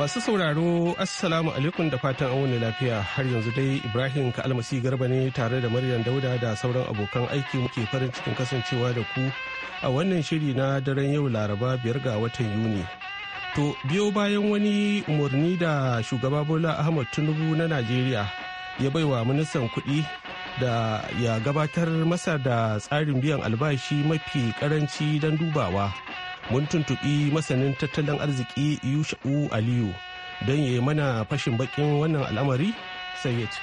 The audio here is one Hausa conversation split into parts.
Masu sauraro Assalamu alaikum da fatan an wani lafiya har yanzu dai Ibrahim Kalmasi Garba ne tare da Maryam Dauda da sauran abokan aiki muke farin cikin kasancewa da ku a wannan shiri na daren yau Laraba biyar ga watan Yuni. To biyo bayan wani umarni da shugaba Bola Ahmad Tinubu na Najeriya ya baiwa ministan kuɗi da ya gabatar masa da tsarin biyan albashi mafi karanci don dubawa. mun tuntuɓi masanin tattalin arziki yusha'u aliyu don ya yi mana fashin bakin wannan al'amari sai ya ce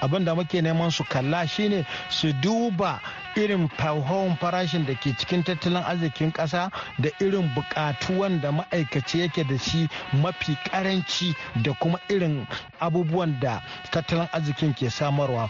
abin da muke neman su kalla shine su duba irin hauhawan farashin da ke cikin tattalin arzikin ƙasa da irin bukatuwan da ma'aikaci yake da shi mafi karanci da kuma irin abubuwan da tattalin arzikin ke samarwa.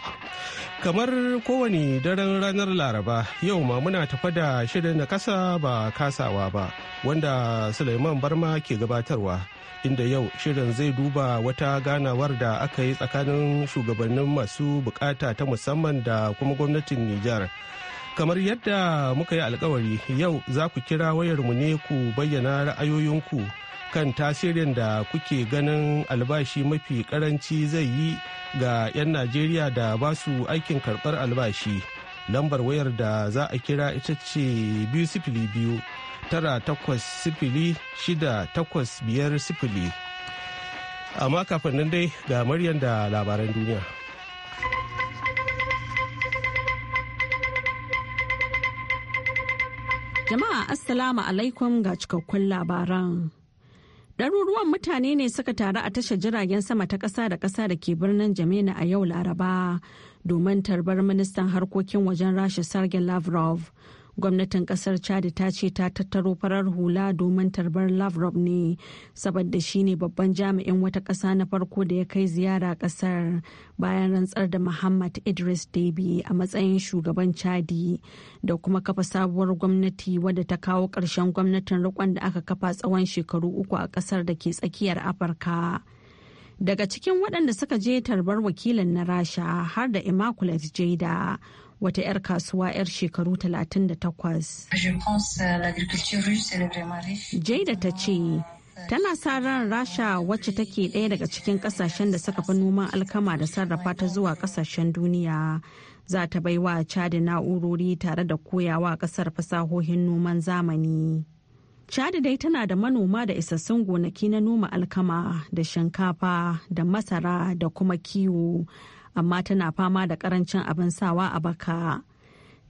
kamar kowane daren ranar laraba yau ma muna tafa da shirin na kasa ba kasawa ba wanda suleiman barma ke gabatarwa inda yau shirin zai duba wata ganawar da aka yi tsakanin shugabannin masu bukata ta musamman da kuma gwamnatin Nijar. Kamar yadda muka yi alkawari yau za ku kira mu ne ku bayyana ra'ayoyinku kan tasirin da kuke ganin albashi mafi karanci zai yi ga 'yan Najeriya da ba su aikin karɓar albashi. Lambar wayar da za a kira ita ce biyu sifili biyu tara takwas sifili shida takwas biyar sifili. amma kafin nan dai ga maryam da labaran duniya. Jama'a Assalamu alaikum ga cikakkun labaran. Ɗaruruwan mutane ne suka taru a tashar jiragen sama ta ƙasa da ƙasa da ke birnin jamina a yau Laraba domin tarbar ministan harkokin wajen Rasha Sergei Lavrov gwamnatin kasar chad ta ce ta tattaro farar hula domin tarbar lavrov ne saboda shi ne babban jami'in wata ƙasa na farko da ya kai ziyara ƙasar bayan rantsar da muhammad idris debi a matsayin shugaban chadi da kuma kafa sabuwar gwamnati wadda ta kawo ƙarshen gwamnatin riƙon da aka kafa tsawon shekaru uku a ƙasar da ke tsakiyar afirka daga cikin waɗanda suka je tarbar wakilin na rasha har da immaculate jada wata 'yar kasuwa 'yar shekaru 38. Jaida ta ce, tana sa ran rasha wacce take ɗaya daga cikin ƙasashen da suka fi noman alkama da sarrafa ta zuwa ƙasashen duniya za ta bai wa cadi na'urori tare da koyawa ƙasar fasahohin noman zamani cadi dai tana da manoma da isassun gonaki na noma alkama da shinkafa da masara da kuma kiwo amma tana fama da karancin abin sawa a baka.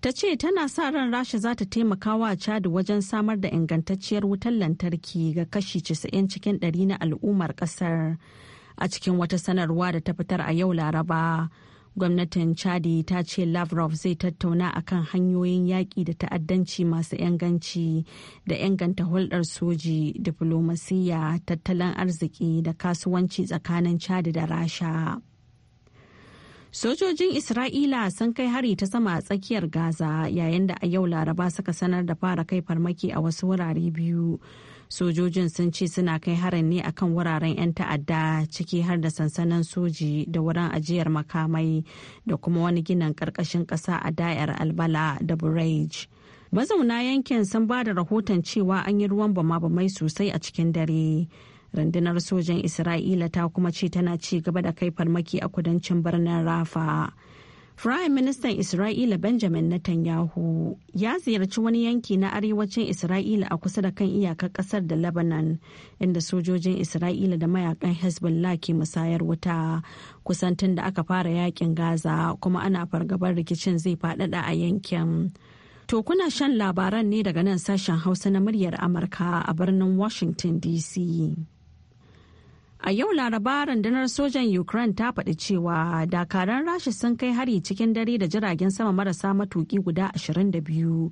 Ta ce tana sa ran Rasha za ta taimaka wa Chad wajen samar da ingantacciyar wutar lantarki ga kashi 90 cikin 100 na al'ummar kasar. A cikin wata sanarwa da ta fitar a yau Laraba, gwamnatin Chadi ta ce Lavrov zai tattauna akan hanyoyin yaƙi da ta'addanci masu inganci da inganta hulɗar soji, diflomasiyya, tattalin arziki da kasuwanci tsakanin Chadi da Rasha. Sojojin Isra'ila sun kai hari ta sama a tsakiyar Gaza yayin da a yau Laraba suka sanar da fara kai farmaki a wasu wurare biyu. Sojojin sun ce suna kai harin ne akan wuraren 'yan ta'adda ciki har da sansanin soji da wurin ajiyar makamai da kuma wani ginin karkashin ƙasa a da'ar albala da Burej. Mazauna yankin sun ba da rahoton cewa an yi ruwan bama-bamai sosai a cikin dare. rundunar sojan isra'ila ta kuma ce tana ci gaba da kai farmaki a kudancin birnin rafa Firayim Ministan Isra'ila Benjamin Netanyahu ya ziyarci wani yanki na arewacin Isra'ila a kusa da kan iyakar kasar da Lebanon inda sojojin Isra'ila da mayakan Hezbollah ke musayar wuta kusan tun da aka fara yakin Gaza kuma ana fargabar rikicin zai faɗaɗa a yankin. To kuna shan labaran ne daga nan sashen Hausa na muryar Amurka a birnin Washington DC. A yau laraba rundunar sojan Ukraine ta faɗi cewa dakaran rashi sun kai hari cikin dare da jiragen sama marasa matuki guda 22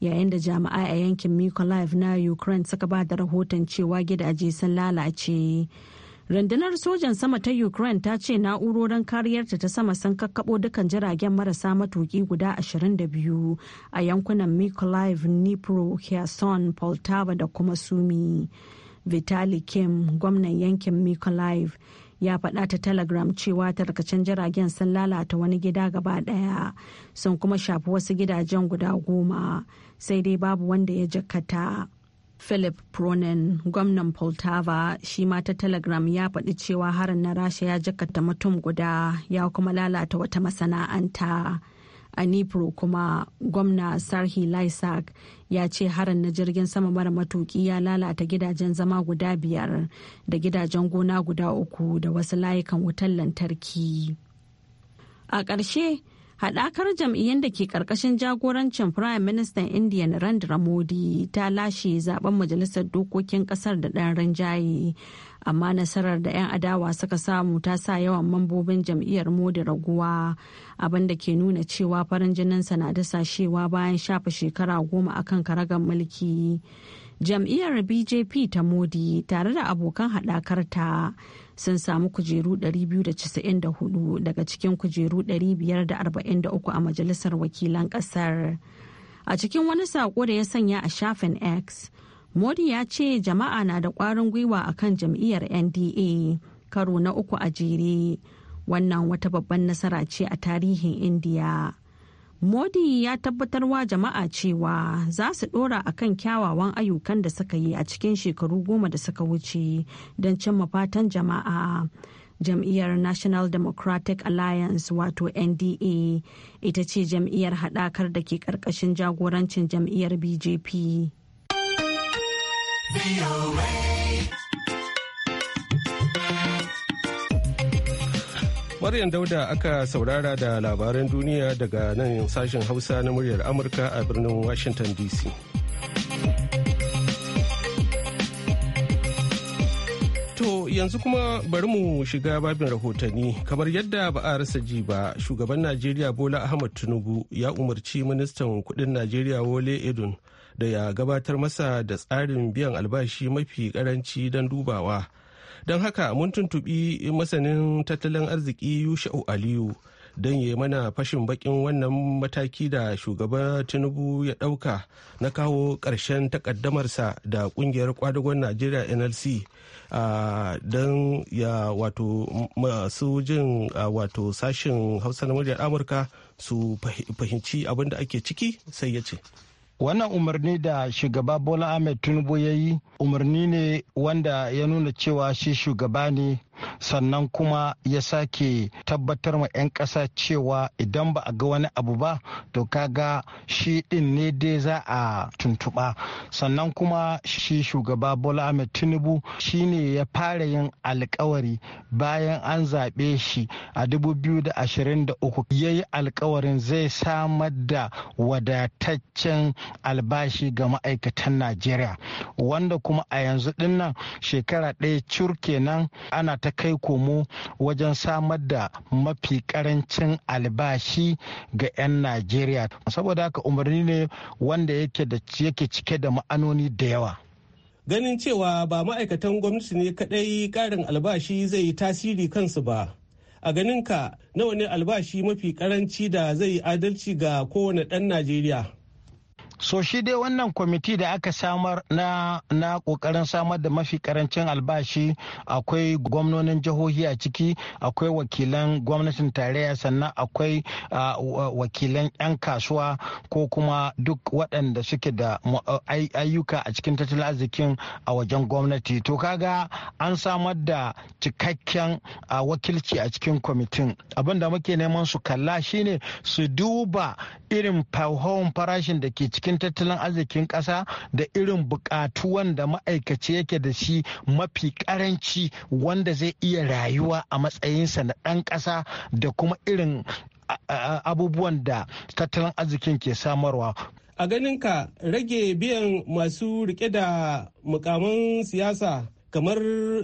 yayin da jami'ai a yankin Mykolaiv na Ukraine suka ba da rahoton cewa gidaje sun lalace. Rundunar sojan sama ta Ukraine ta ce na'urorin kariyarta ta sama sun kakkabo dukan jiragen marasa matuki guda 22 a yankunan Mykolaiv, Dnipro, Kherson, Poltava da kuma Sumi. vitali kim gwamnan yankin mikolaiv ya faɗa ta telegram cewa tarkacen jiragen sun lalata wani gida gaba ɗaya sun kuma shafi wasu gidajen guda goma sai dai babu wanda ya jakata philip pronin gwamnan poltava shi ma ta telegram ya faɗi cewa harin na rasha ya jakata mutum guda ya kuma lalata wata masana'anta a nipro kuma gwamna sarhi laisak ya ce harin na jirgin sama mara matuki ya lalata gidajen zama guda biyar da gidajen gona guda uku da wasu layukan wutar lantarki a ƙarshe Haɗakar jam'iyyun da ke ƙarƙashin jagorancin Prime Minister Indian Narendra Modi ta lashe zaben Majalisar Dokokin ƙasar da ɗan rinjaye. Amma nasarar da 'yan adawa suka samu ta sa yawan mambobin jam'iyyar Modi raguwa, abin da ke nuna cewa farin jininsa na dasashewa bayan shafa shekara goma akan karagar mulki. Jam'iyyar BJP ta Modi tare da abokan haɗakarta sun samu kujeru 294 daga cikin kujeru 543 a majalisar wakilan kasar a cikin wani saƙo da ya sanya a shafin x modi ya ce jama'a na da ƙwarin gwiwa a kan jam'iyyar nda karo na uku a jere wannan wata babban nasara ce a tarihin indiya Modi ya tabbatar wa jama'a cewa za su dora a kan kyawawan ayyukan da suka yi a cikin shekaru goma da suka wuce don cimma fatan jama'a. Jam'iyyar National Democratic Alliance wato NDA ita ce jam'iyyar haɗakar da ke ƙarƙashin jagorancin jam'iyyar BJP. Maryam Dauda aka saurara da labaran duniya daga nan sashen Hausa na muryar Amurka a birnin Washington DC. To yanzu kuma bari mu shiga babin rahotanni kamar yadda ba a rasa ji ba shugaban Najeriya Bola Ahmad Tinubu ya umarci ministan kudin Najeriya Wole Edun da ya gabatar masa da tsarin biyan albashi mafi karanci don dubawa. don haka mun tuntubi masanin tattalin arziki yusha'u aliyu don ya mana fashin bakin wannan mataki da shugaba tinubu ya ɗauka na kawo ƙarshen takaddamarsa da ƙungiyar kwadagon najeriya nlc don ya wato masu jin wato sashen hausa na muryar amurka su fahimci abin da ake ciki sai ya ce wannan umarni da shugaba bola ahmed tinubu ya yi umarni ne wanda ya nuna cewa shi shugaba ne sannan kuma ya sake tabbatar ma 'yan ƙasa cewa idan ba a ga wani abu ba to kaga shi ɗin ne dai za a tuntuɓa sannan kuma shi shugaba bola ahmed tinubu shi ne ya fara yin alkawari bayan an zaɓe shi a 2023 ya yi alkawarin zai samar da wadataccen albashi ga ma'aikatan najeriya wanda kuma a yanzu dinnan shekara ɗaya cur kenan ana ta kai komo wajen samar da mafi karancin albashi ga 'yan najeriya saboda haka umarni ne wanda yake cike da ma'anoni da yawa ganin cewa ba ma'aikatan gwamnati ne kadai karin albashi zai yi tasiri kansu ba a ganinka nawa ne albashi mafi karanci da zai adalci ga kowane dan najeriya So shi dai wannan kwamiti da aka samar na na kokarin samar da mafi karancin albashi akwai gwamnonin jihohi a ciki akwai wakilan gwamnatin tarayya sannan akwai wakilan 'yan kasuwa ko kuma duk waɗanda suke da ayyuka a cikin tattalin arzikin a wajen gwamnati to kaga an samar da cikakken wakilci a cikin kwamitin abinda muke neman su kalla shine su duba irin farashin da ke ciki cikin tattalin arzikin ƙasa da irin buƙatu wanda ma'aikaci yake da shi mafi ƙaranci wanda zai iya rayuwa a matsayinsa na ɗan ƙasa da kuma irin abubuwan da tattalin arzikin ke samarwa. A ganinka rage biyan masu riƙe da mukamin siyasa kamar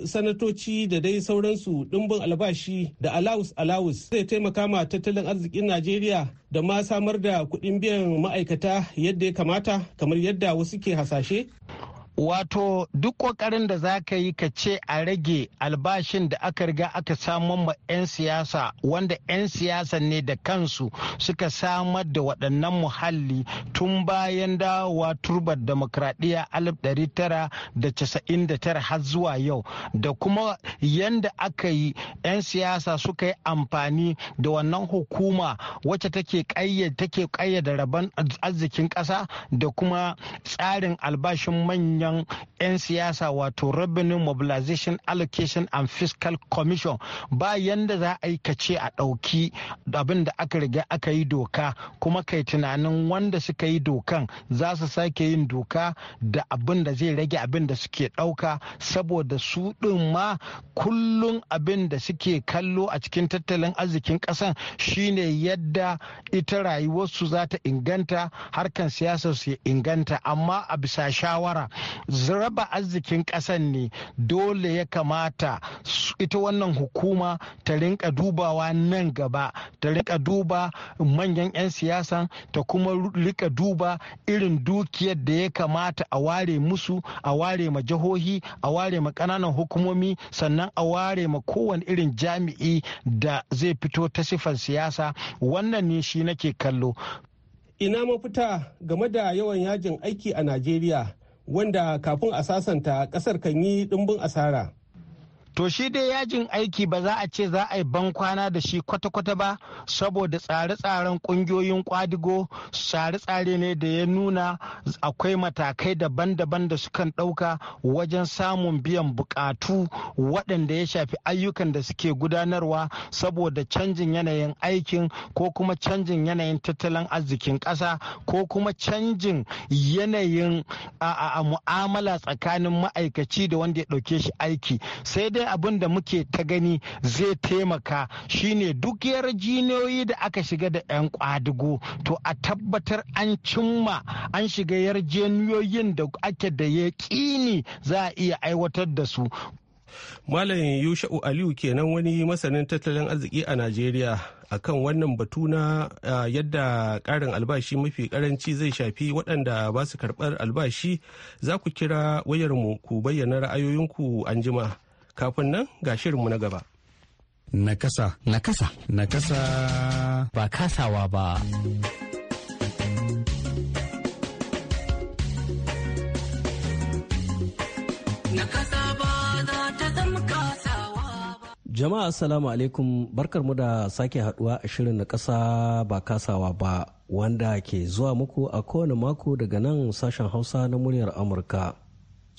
sanatoci da dai sauransu ɗimbin albashi da alawus alawus zai taimaka ma tattalin arzikin najeriya da ma samar da kuɗin biyan ma'aikata yadda ya kamata kamar yadda wasu ke hasashe wato duk kokarin da za ka yi ka ce a rage albashin da aka riga aka samun ma 'yan siyasa wanda 'yan siyasa ne da kansu suka samar da waɗannan muhalli tun bayan dawowa turbar demokradiyya 1999 har zuwa yau da kuma yadda aka yi 'yan siyasa suka yi amfani da wannan hukuma wacce take ƙayyada rabon arzikin ƙasa da kuma tsarin albashin manyan wajen 'yan siyasa wato revenue mobilization allocation and fiscal commission ba yanda za a yi kace a ɗauki abin da aka riga aka yi doka kuma kai tunanin wanda suka yi dokan za su sake yin doka da abin da zai rage abin da suke ɗauka saboda su ɗin ma kullum abin da suke kallo a cikin tattalin arzikin ƙasan shine yadda ita rayuwarsu za ta inganta harkan siyasar su inganta amma a bisa shawara raba arzikin ƙasan ne dole ya kamata ita wannan hukuma ta rinka dubawa nan gaba ta rinka duba manyan 'yan siyasa ta kuma rika duba irin dukiyar da ya kamata a ware musu a ware ma jihohi a ware ma ƙananan hukumomi sannan a ware ma kowane irin jami'i da zai fito ta sifar siyasa wannan ne shi nake kallo ina mafita game da yawan yajin aiki a najeriya wanda kafin a sasanta kasar kan yi ɗimbin asara To shi dai yajin aiki ba za a ce za a yi bankwana da shi kwata-kwata ba saboda tsare-tsaren kungiyoyin kwadigo tsare-tsare ne da ya nuna akwai matakai daban-daban da sukan ɗauka wajen samun biyan bukatu waɗanda ya shafi ayyukan da suke gudanarwa saboda canjin yanayin aikin ko kuma canjin yanayin tattalin arzikin ƙasa ko kuma canjin yanayin mu'amala tsakanin ma'aikaci da wanda ya ɗauke shi aiki sai dai dai abin da muke ta gani zai taimaka shine duk yarjiniyoyi da aka shiga da 'yan kwadugo to a tabbatar an cimma an shiga yarjiniyoyin da ake da kini za a iya aiwatar da su Malam Yusha'u Aliyu kenan wani masanin tattalin arziki a Najeriya akan wannan batu na yadda karin albashi mafi karanci zai shafi waɗanda ba su karɓar albashi za ku kira wayarmu ku bayyana ra'ayoyinku anjima. kafin nan ga shirinmu na gaba. Nakasa. Nakasa. Nakasa. Ba kasawa ba. Jama'a Assalamu alaikum barkar mu da sake haduwa a shirin na kasa ba kasawa ba wanda ke zuwa muku a kowane mako daga nan sashen Hausa na muryar Amurka.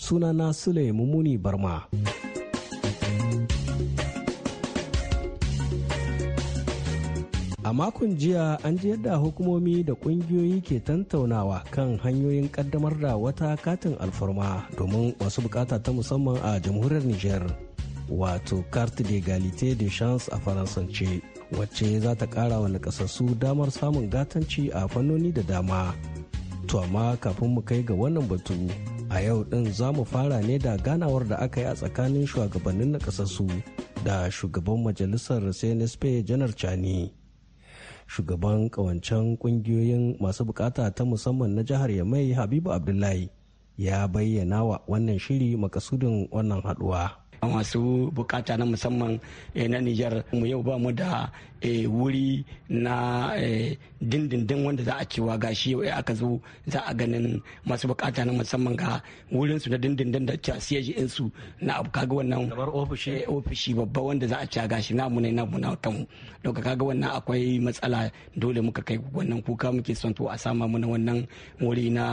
Sunana Sule Mumuni Barma. A makon jiya an ji yadda hukumomi da kungiyoyi ke tantaunawa kan hanyoyin kaddamar da wata katin alfarma domin wasu bukata ta musamman a jamhuriyar niger Wato carte d'égalité de chance a faransance wacce za ta kara wa nakasassu damar samun gatanci a fannoni da dama. To amma kafin mu kai ga wannan batu a yau din za mu fara ne da ganawar da aka yi a tsakanin shugabannin nakasassu da shugaban majalisar senespe janar Chani. shugaban kawancen kungiyoyin masu bukata ta musamman na jihar ya mai habibu abdullahi ya bayyana wa wannan shiri makasudin wannan haduwa masu bukata na musamman eh, na Nijar mu yau ba mu da Eh, wuri na eh, dindindin wanda za a cewa gashi yau eh, aka zo za a ganin masu bukata na musamman ga wurin na dindindin da ta su na abu kaga wannan ofishi babba wanda za a cewa gashi namu ne namu na kan dauka kaga wannan akwai matsala dole muka kai wannan kuka muke son to a sama mana wannan wuri na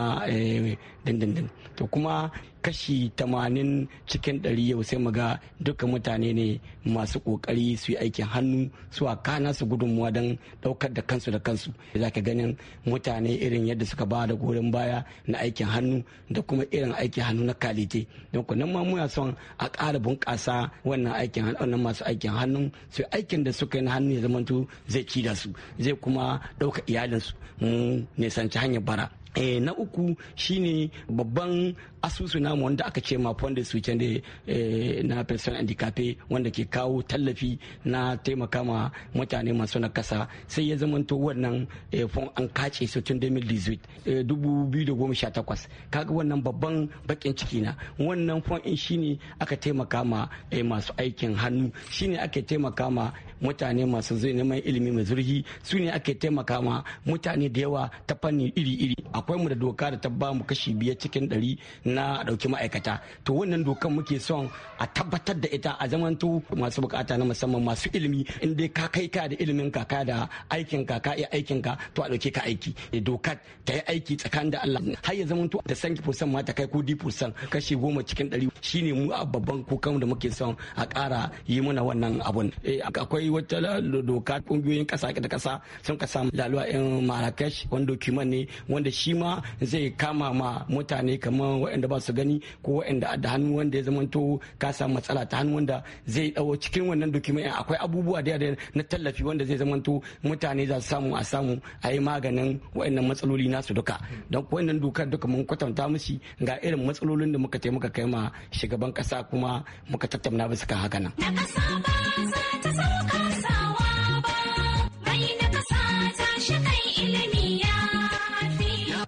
dindindin to kuma kashi tamanin cikin ɗari yau sai mu ga duka mutane ne masu kokari su yi aikin hannu su a ka nasu gudunmuwa don daukar da kansu da kansu za ka ganin mutane irin yadda suka ba da goyon baya na aikin hannu da kuma irin aikin hannu na kalite don ku nan ma muna son a ƙara bunƙasa wannan aikin hannu wannan masu aikin hannu su aikin da suka yi na hannu ya zamanto zai ci da su zai kuma ɗauka iyalinsu mu nisanci hanyar bara Eh, na uku shine babban asusu namu wanda aka ce ma fonda suke kende eh, na pension handicapé wanda ke kawo tallafi na taimaka ma mutane masu na kasa sai ya zamanto wannan eh, fon an kace su tun 2018 2018 kaga wannan babban bakin ciki na wannan fon in shine aka taimaka ma masu aikin hannu shine aka taimaka ma mutane masu zai neman ilimi mai zurfi su ne ake taimaka ma mutane da yawa ta fanni iri-iri akwai mu da doka da ta bamu kashi biyar cikin ɗari na ɗauki ma'aikata to wannan dokan muke son a tabbatar da ita a zamanto masu bukata na musamman masu ilimi in dai ka kai ka da ilimin ka ka da aikin ka ka iya aikin ka to a ɗauke ka aiki eh, doka ta yi aiki tsakanin da Allah har ya zamanto da sanki fusan ma ta kai ko di fursan kashi goma cikin ɗari shine mu a babban kukan da muke son a ƙara yi mana wannan abun eh, akwai yi wata doka kungiyoyin kasa da kasa sun ka samu laluwa yan marrakesh wanda kiman ne wanda shi ma zai kama ma mutane kamar waɗanda ba su gani ko waɗanda da hannu wanda ya zamanto ka samu matsala ta hannu wanda zai dawo cikin wannan dokiman akwai abubuwa da na tallafi wanda zai zamanto mutane za su samu a samu a yi maganin waɗannan matsaloli nasu duka don wannan dokar duka mun kwatanta musu ga irin matsalolin da muka taimaka kai ma shugaban kasa kuma muka tattauna bisa kan haka nan.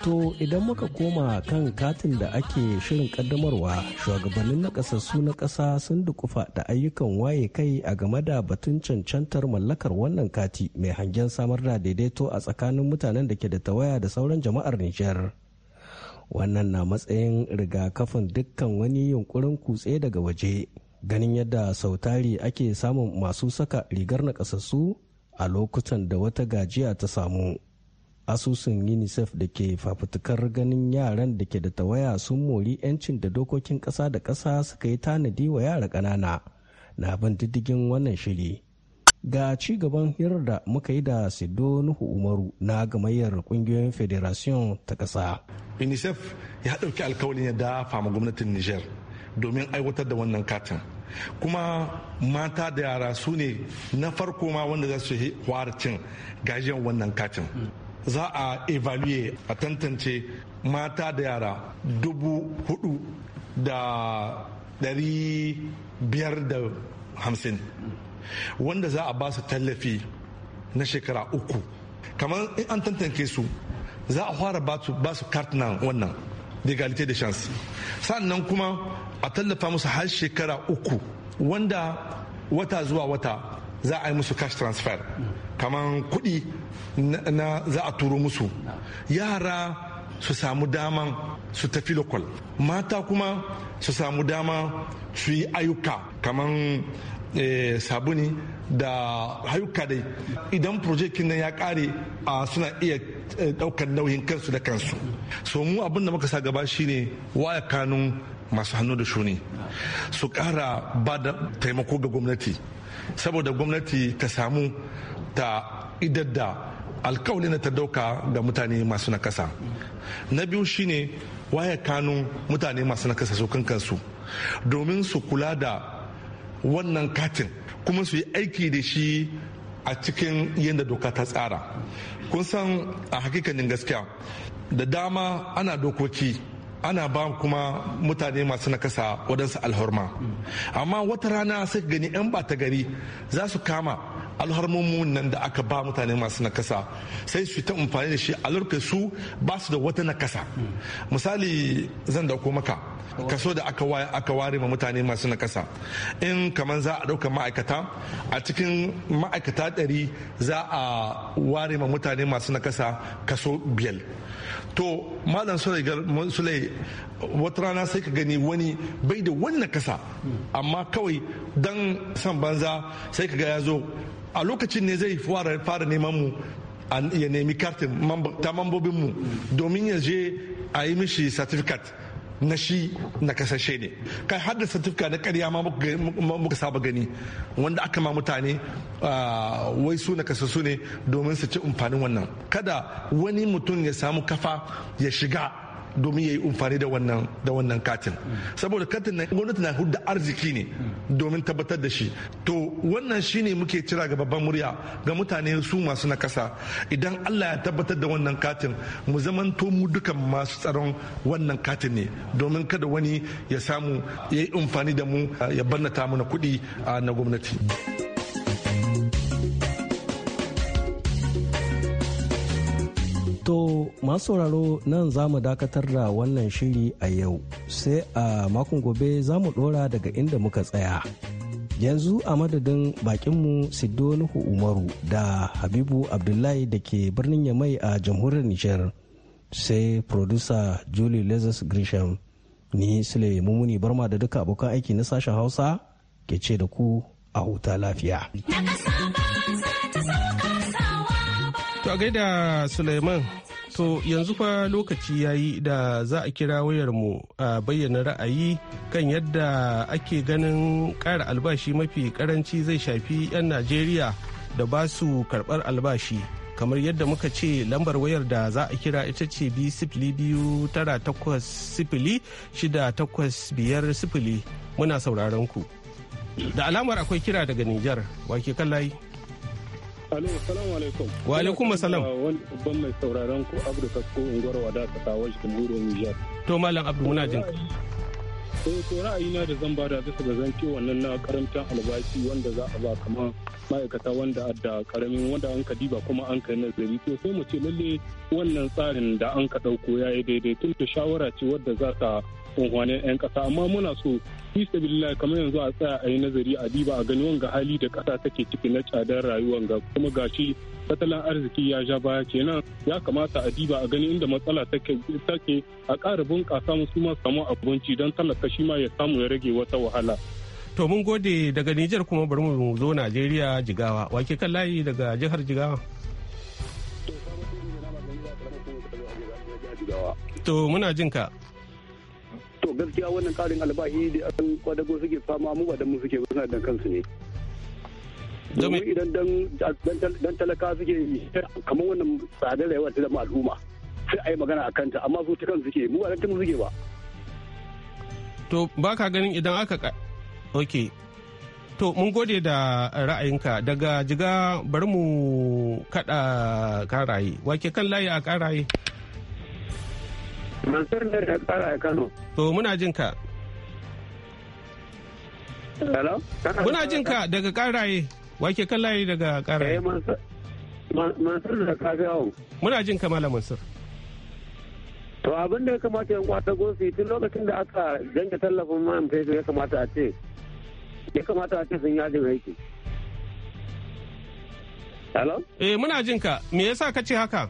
To idan muka koma kan katin da ake shirin kaddamarwa shugabannin nakasassu na ƙasa sun dukufa da ayyukan waye kai a game da batun cancantar mallakar wannan kati mai hangen samar da daidaito a tsakanin mutanen da ke da tawaya da sauran jama'ar Nijar. Wannan na matsayin rigakafin dukkan wani yunkurin kutse daga waje. ganin yadda sautari ake samun masu saka rigar nakasassu a lokutan da wata gajiya ta samu asusun unicef da ke fafutukar ganin yaran da ke da tawaya sun mori 'yancin da dokokin ƙasa da ƙasa suka yi tanadi wa yara ƙanana na ban diddigin wannan shiri ga ci gaban hirar da muka yi da sido nuhu umaru na gamayyar kungiyoyin federation ta ƙasa unicef ya ɗauki alkawalin ya dafa gwamnatin niger domin aiwatar da wannan katin kuma mata da yara su ne na farko ma wanda za su cin gajiyar wannan katin za a evaluate a tantance mata da yara dubu hudu da dari biyar da hamsin wanda za a ba su tallafi na shekara uku kamar in an tantance su za a fara ba su kartunan wannan legalite da chance sannan kuma a tallafa musu har shekara uku wanda wata zuwa wata za a yi musu cash transfer kamar kuɗi na za a turo musu yara su samu daman su tafi lokal mata kuma su samu dama su yi ayyuka kamar eh, sabuni da hayuka dai idan projekin nan ya kare suna iya daukar eh, nauyin kansu da kansu so mu abin da muka sa gaba shine waya kanun masu hannu da shuni su kara ba da taimako ga gwamnati saboda gwamnati ta samu ta idar da alkawali na ta dauka ga mutane masu nakasa na biyu shine waya kanun mutane masu nakasa su kansu domin su kula da wannan katin kuma su yi aiki da shi a cikin yadda doka ta tsara kun san a hakikanin gaskiya da dama ana dokoki ana ba kuma mutane masu nakasa wadansu alhorma amma wata rana sai gani 'yan bata gari za su kama alharmomin nan da aka ba mutane masu nakasa sai su ta amfani da shi a su ba su da wata nakasa misali zan dauko maka kaso da aka ware aka ma mutane masu nakasa in kamar za a dauka ma'aikata a cikin ma'aikata ɗari za a ware ma mutane masu nakasa kaso biyar to malam sulai wata rana sai ka gani wani bai da wannan kasa amma kawai dan san banza sai ka ya zo a lokacin ne zai fara neman mu ya nemi kartin ta mambobin mu domin ya je a yi mishi certificate na shi na kasashe ne kai har da satifika na karya ma muka saba gani wanda aka ma mutane wai su na kasasu ne domin su ci amfanin wannan kada wani mutum ya samu kafa ya shiga domin ya yi amfani da wannan da wannan katin saboda katin na gwamnati na hudda arziki ne domin tabbatar da shi to wannan shine muke cira ga babban murya ga mutane su masu na kasa idan Allah ya tabbatar da wannan katin mu zaman to mu dukan masu tsaron wannan katin ne domin kada wani ya samu ya yi amfani da mu ya bannata mana kuɗi na gwamnati. masu sauraro nan za mu dakatar da wannan shiri a yau sai a makon gobe za mu dora daga inda muka tsaya yanzu a madadin bakinmu nuhu umaru da habibu abdullahi da ke birnin yamai a jamhuriyar nijar sai producer julie lezis grisham ni sule mumuni barma da duka abokan aiki na sashen hausa ke ce da ku a huta lafiya to gaida suleiman To yanzu fa lokaci ya yi da za a kira wayarmu a bayyana ra'ayi kan yadda ake ganin ƙara albashi mafi karanci zai shafi 'yan Najeriya da ba su karɓar albashi. Kamar yadda muka ce lambar wayar da za a kira ita ce b biyu tara takwas sifili shida takwas biyar sifili muna sauraron ku. Da alamar akwai kira daga Nijar, wake kan layi. Alo, salamu alaikum. Wa alaikum salam. Wani babban mai sauraron ku Abdu Kasko Ungwar Wada ta kawo shi jamhuriyar To Malam Abdu muna jin. To to ra'ayina da zan bada bisa ga zance wannan na karamcin albashi wanda za a ba kamar ma'aikata wanda da karamin wanda an ka diba kuma an ka nazari to sai mu ce lalle wannan tsarin da an ka ɗauko ya yi daidai tun da shawara ce wadda za ta unhwanin 'yan ƙasa amma muna so fi sabilillah kamar yanzu a tsaya a yi nazari a diba a gani wanga hali da kasa take ciki na tsadar rayuwar ga kuma gashi tattalin arziki ya ja baya kenan ya kamata a diba a gani inda matsala take a ƙara bunƙasa musu ma samu abinci don talaka shi ma ya samu ya rage wata wahala. To mun gode daga Nijar kuma bari mu zo Najeriya Jigawa wake kan layi daga jihar Jigawa. To muna jin ka. gaskiya wannan karin albashi da an kwadago suke fama mu ba dan mu suke suna dan kansu ne domin idan dan talaka suke kamar wannan tsadar rayuwa ta zama al'umma sai a yi magana a kanta amma su ta kansu suke mu ba ta mu suke ba to ba ka ganin idan aka ok to mun gode da ra'ayinka daga jiga bari mu kada karaye wake kan layi a karaye Mansur ne da kara a Kano. To muna jin ka. Hello? Muna jin ka daga karaye. Wake kan layi daga karaye. Eh, Mansur da kafiyawo. Muna jin ka Malam Mansur. To abin da ya kamata yan kwata gosi tun lokacin da aka janye tallafin man fesu ya kamata a ce ya kamata a ce sun yajin aiki. Hello? Eh muna jin ka. Me yasa ka ce haka?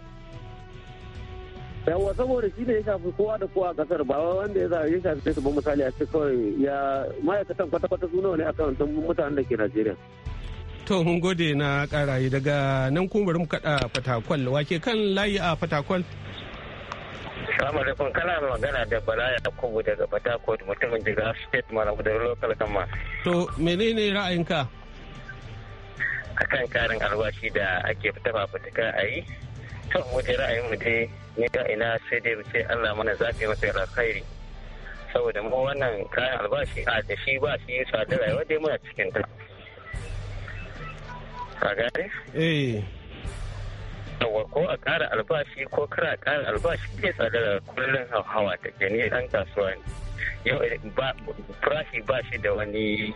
yawa saboda shi ne ya shafi kowa da kowa a kasar ba wanda ya ya shafi su ba misali a cikin kawai ya ma'aikatan kwata-kwata su nawa ne a kan mutanen da ke najeriya to mun gode na karayi daga nan kuma bari mu kada fatakwal wake kan layi a fatakwal Salamu alaikum kana magana da Bala Yakubu daga Fatakwal mutumin jiga state malam da local kama. To menene ra'ayinka? Akan karin albashi da ake fita fafutuka a yi. To mu ra'ayin mu dai ni da ina sai dai ce Allah mana zafi masa alkhairi saboda mu wannan kayan albashi a da shi ba shi da rayuwa dai muna cikin ta ka eh yawa ko a ƙara albashi ko kara ƙara albashi ke tsadar kullum hawa ta ke ne ɗan kasuwa ne yau eh, farashi ba shi da wani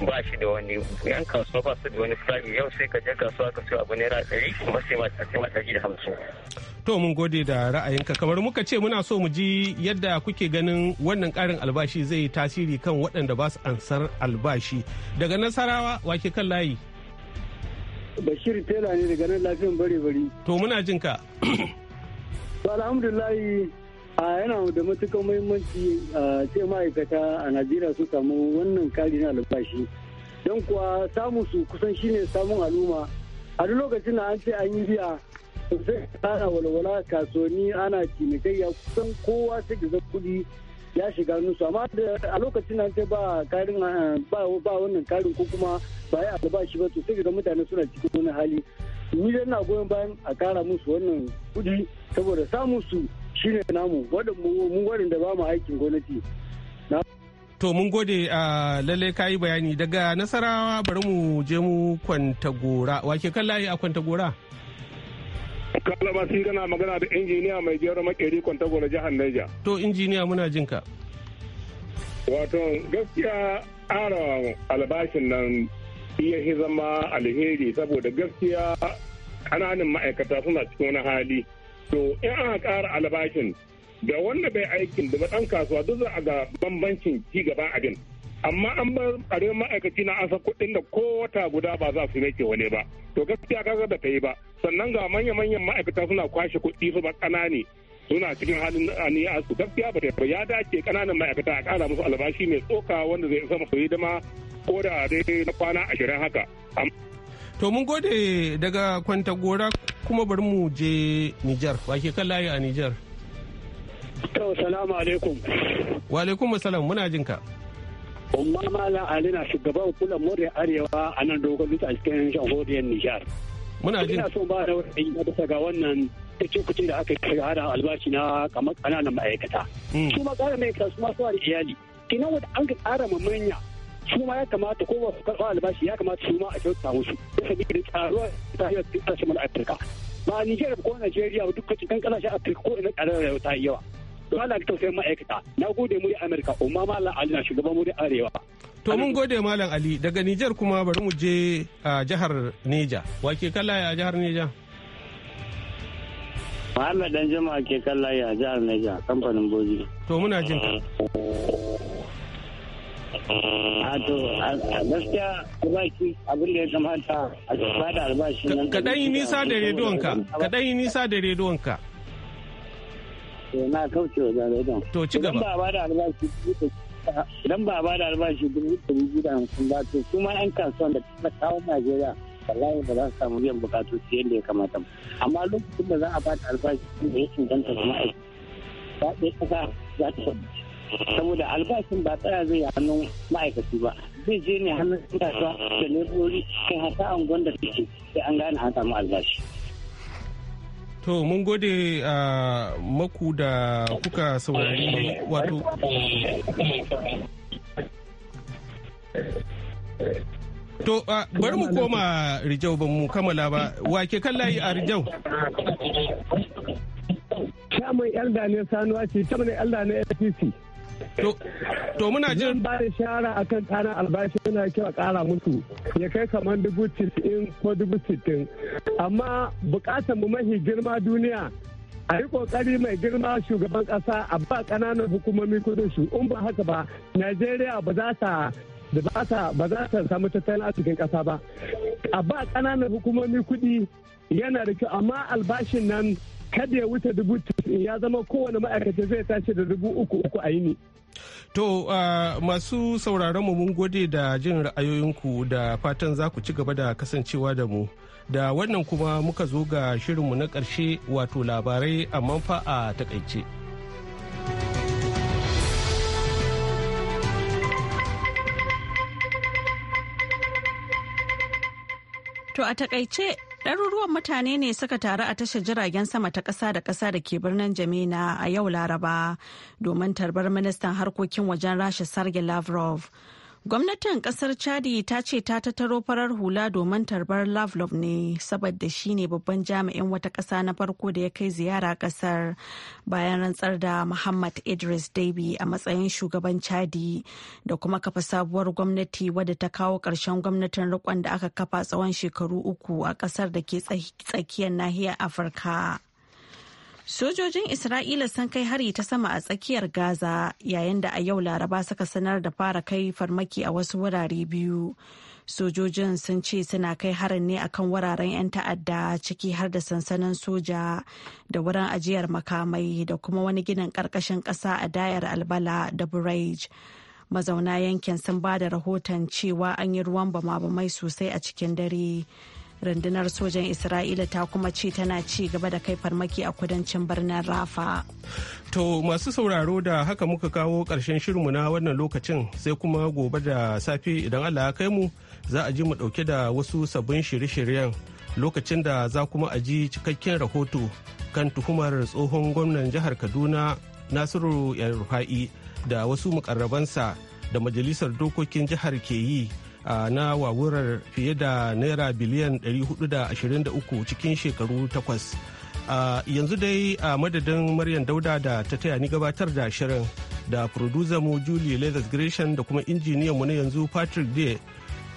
ba shi da wani yan kasuwa ba su da wani farashi yau sai ka je kasuwa ka siyo abu naira ɗari ba sai ma ɗari da hamsin To mun gode da ra'ayinka kamar muka ce muna so mu ji yadda kuke ganin wannan karin albashi zai yi tasiri kan waɗanda ba su ansar albashi. Daga Nasarawa wake kan layi. Bashir Tela ne daga nan lafiyan bare bari. To muna jin ka. Alhamdulillahi a yana da matukan muhimmanci a ce ma'aikata a Najeriya su samu wannan kari na albashi. Don kuwa samun su kusan shine samun al'umma. A duk lokacin da an ce an yi biya sai ana walwala kasuwanni ana cinikayya kusan kowa sai zan kudi ya shiga nusu amma a lokacin nan sai ba karin eh, ba wannan karin ko kuma ba ya albashi ba to sai ga mutane suna cikin wani hali ni dai na goyon bayan a kara musu wannan kudi saboda samun su shine namu mu da ba mu aikin gwamnati To mun gode a lalle kayi bayani daga nasarawa bari mu je mu kwanta gora. Wake kan layi a kwanta gora? Kalaba sun gana magana da injiniya mai jiyar makeri kwantagoro jihar Niger. To injiniya muna jin ka. Wato gaskiya ara albashin nan iya zama alheri saboda gaskiya kananan ma'aikata suna cikin wani hali. To in aka ƙara albashin da wanda bai aikin da ɗan kasuwa duk za a ga bambancin ci gaban abin. amma an bar arewa ma'aikaci na asa kuɗin da ko wata guda ba za su yake wani ba to gaskiya kaga da ta yi ba sannan ga manya-manyan ma'aikata suna kwashe kuɗi su ba ƙanani suna cikin halin a su gaskiya ba ta ya dace ƙananan ma'aikata a ƙara musu albashi mai tsoka wanda zai isa masu dama ko da dai na kwana ashirin haka. To mun gode daga gora kuma bari mu je Nijar, ke kan layi a Nijar. To salamu alaikum. Wa alaikum salam muna jinka. ka. umma malam ali na shugaban kula more arewa a nan dogon a cikin jamhuriyar nijar muna jin so ba da wani bisa ga wannan kace kuce da aka kai hada albashi na kamar kananan ma'aikata hmm. su ma ƙara mai kasu ma da iyali kinan wanda an ka tsara ma manya su ma ya kamata ko ba su karɓa albashi ya kamata su ma a kyauta musu da yi tsaruwa ta hanyar kasashen afirka ba nijar ko najeriya ba duk kacin kan kasashen afirka ko ina tsarar ta yi yawa don Allah ka tausayin ma'aikata na gode muri Amerika umma malam Ali na shugaban muri Arewa to mun gode malam Ali daga Nijar kuma bari mu je a jihar Neja wake kalla a jihar Neja Muhammad dan jama'a ke kalla a jihar Neja kamfanin Boji to muna jin ka Ato, gaskiya albashi abin da ya kamata a ba da albashi. Kaɗan yi nisa da ka. kaɗan yi nisa da rediyonka. to na kauce wa jariran to ci gaba ba ba da albashi idan ba ba da albashi dubu ɗari da hamsin ba to su ma yan kasuwan da talakawan najeriya wallahi ba za su samu biyan bukatu su yadda ya kamata amma lokacin da za a ba da albashi da ya inganta da ma'aikata ba ɗaya ƙasa za ta saboda albashin ba tsaya zai yi hannun ma'aikaci ba zai je ne hannun kasuwa da lerori kai hata angon da suke sai an gane an samu albashi. To mun gode a maku da kuka saurari wato. To bari mu koma Rijau ba mu kammala ba, ke kan layi a Rijau? Shaman yalda ne sanuwa ce, ta ne Elda ne FCC. To muna jin. ba da shara a kan albashi yana kyau a kara musu ya kai kamar dubu cikin ko dubu cikin. Amma bukatar mu mahi girma duniya a yi kokari mai girma shugaban ƙasa a ba ƙananan hukumomi kudin su in ba haka ba Najeriya ba za ta da ba ta ba za ta samu tattalin arzikin ƙasa ba a ba ƙananan hukumomi kuɗi yana da kyau amma albashin nan kada ya wuce dubu ya zama kowane ma'aikata zai tashi da dubu uku uku a yini. To uh, masu sauraron mu mun gode da jin ra'ayoyinku da fatan za ku ci gaba da kasancewa da mu. Da wannan kuma muka zo ga shirinmu na ƙarshe wato labarai a fa a takaice. To a takaice Ɗaruruwan mutane ne suka taru a tashar jiragen sama ta ƙasa da ƙasa da ke birnin Jamina a yau Laraba domin tarbar ministan harkokin wajen Rasha Sergei Lavrov. Gwamnatin kasar Chadi ta ce ta tattaro farar hula domin tarbar Lovelove ne saboda shi ne babban jami'in wata ƙasa na farko da ya kai ziyara ƙasar bayan rantsar da Muhammad Idris Deby a matsayin shugaban Chadi da kuma kafa sabuwar gwamnati wadda ta kawo ƙarshen gwamnatin riƙon da aka kafa tsawon shekaru uku a ƙasar da ke tsakiyar nahiyar Afirka. Sojojin Isra'ila sun kai hari ta sama a tsakiyar Gaza yayin da a yau Laraba suka sanar da fara kai farmaki a wasu wurare biyu. Sojojin sun ce suna kai harin ne akan wuraren 'yan ta'adda ciki har da sansanin soja da wurin ajiyar makamai da kuma wani ginin ƙarƙashin ƙasa a dayar albala da Burej. Mazauna yankin sun ba da rahoton cewa an yi ruwan bama-bamai sosai a cikin dare. rundunar sojan isra'ila ta kuma ce tana ci gaba da kai farmaki a kudancin birnin rafa to masu sauraro da haka muka kawo ƙarshen shirinmu na wannan lokacin sai kuma gobe da safe idan allah ya kai mu za a ji mu ɗauke da wasu sabbin shirye-shiryen lokacin da za kuma a ji cikakken rahoto kan tuhumar tsohon gwamnan jihar kaduna nasiru yan rufa'i da wasu mukarrabansa da majalisar dokokin jihar ke yi na wawurar fiye da naira biliyan 423 cikin shekaru takwas. yanzu dai a madadin Maryam Dauda da ta taya ni gabatar da shirin da producer mu Julie Leathers Gresham da kuma injiniyan mu na yanzu Patrick Day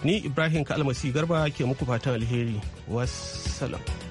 ni Ibrahim Kalmasi Garba ke muku fatan alheri. Wassalam.